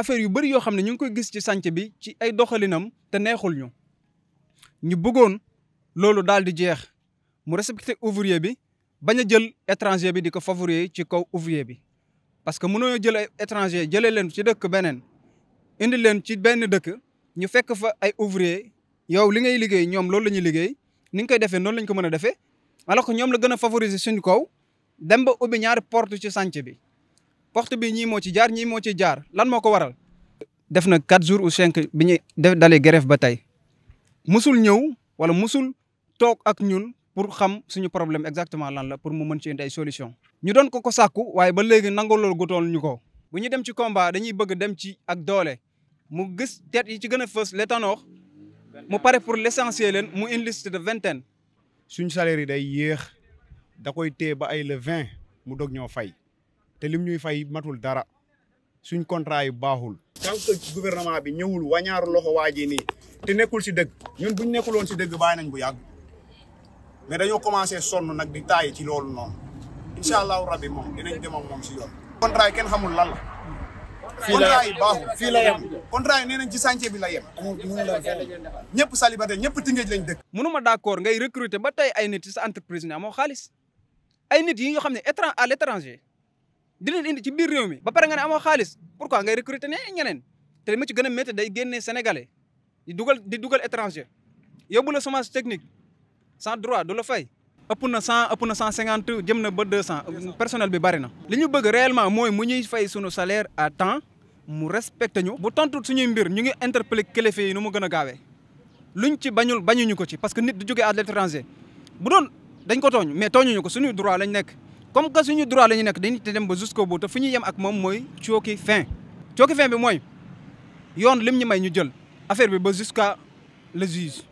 affaire yu bëri yoo xam ne ñu ngi koy gis ci sànc bi ci ay doxalinam te neexul ñu ñu bëggoon loolu daal di jeex mu respecté ouvrier bi bañ a jël étranger bi di ko favoriser ci kaw ouvrier bi parce que mënoo jël ay étranger jëlee leen ci dëkk beneen indi leen ci benn dëkk ñu fekk fa ay ouvrier yow li ngay liggéey ñoom loolu la ñuy liggéey ni nga koy defee noonu lañ ko mën a defee alors que ñoom la gën a favoriser suñu kaw dem ba ubbi ñaari porte ci sànc bi porte bi ñii moo ci jaar ñii moo ci jaar lan moo ko waral. def na quatre jours ou cinq bi ñuy def dalee grève ba tey musul ñëw wala musul toog ak ñun pour xam suñu problème exactement lan la pour mu mën ci indi solution ñu doon ko ko sàkku waaye ba léegi nangaloo gutoon ñu ko. bu ñu dem ci combat dañuy bëgg dem ci ak doole mu gis tête yi ci gën a fës l'étanor mu pare pour l'essentiel leen mu une liste de vingtaine. suñu salaire yi day yéex da koy téye ba ay le vingt mu dog ñoo fay. te lim ñu fay matul dara suñ contrat yi baaxul. tant que gouvernement bi ñëwul wañaaru loxo waa ji nii te nekkul si dëgg ñun buñ nekkuloon si dëgg bàyyi nañ bu yàgg mais dañoo commencé sonn nag di taay ci loolu noonu incha allahu rabbi moom dinañ dem ak moom si yoon. contrat kenn xamul lan la. fii la contrat yi baaxul fii yem. contrat yi nañ ci chantier bi la yem. ñëpp salibate ñëpp Tëngéej lañ dëkk. mënuma d'accord ngay recruter ba tey ay nit ci sa entreprise ne amoo xaalis ay nit yi nga xam ne étran à l'étranger dinañ indi ci biir réew mi ba pare nga ne amoo xaalis pourquoi ngay recruter ñeneen te ma ci gën a métti day génne sénégalais di dugal di dugal étranger yóbbu la chômage technique sans droit du la fay ëpp na 100 ëpp na 150 jëm na ba 200 personnel bi bari na li ñu bëgg réellement mooy mu ñuy fay sunu salaire à temps mu respecte ñu bu tontu suñuy mbir ñu ngi interpeller kilifa yi nu mu gën a gaawee luñ ci bañul bañuñu ko ci parce que nit du jógee à l'étranger bu doon dañ ko tooñ mais tooñuñu ko suñu droit lañ nekk comme que suñu droit la ñu nekk dañuy dem ba jusqu'au bout te fu ñuy yem ak moom mooy cooki fin cooki fin bi mooy yoon lim ñu may ñu jël affaire bi ba jusqu'à le juge